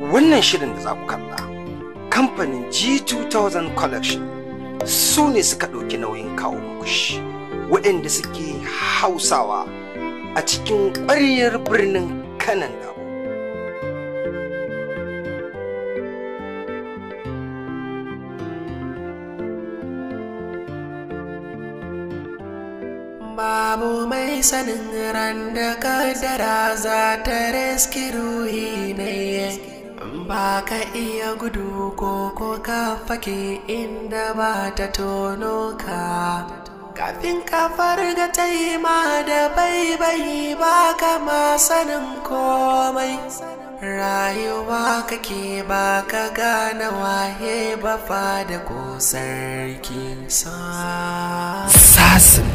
wannan shirin da za ku kalla kamfanin g2000 collection su ne suka ɗauki nauyin kawo muku shi waɗanda suke hausawa a cikin ƙwaryar birnin kanan dabo Babu mai sanin ran da kadara za ta reski ruhi ne. ba ka iya gudu ko ko ka fake inda ba ta tono ka kafin ka farga ta yi ma da baibai ba ma sanin komai rayuwa kake ba ka gane waye ba fa da ko sarki sasin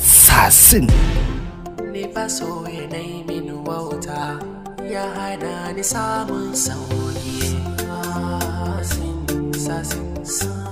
sasin ne ba so ya nai min wauta ya hada ni samun sauki sa sin sa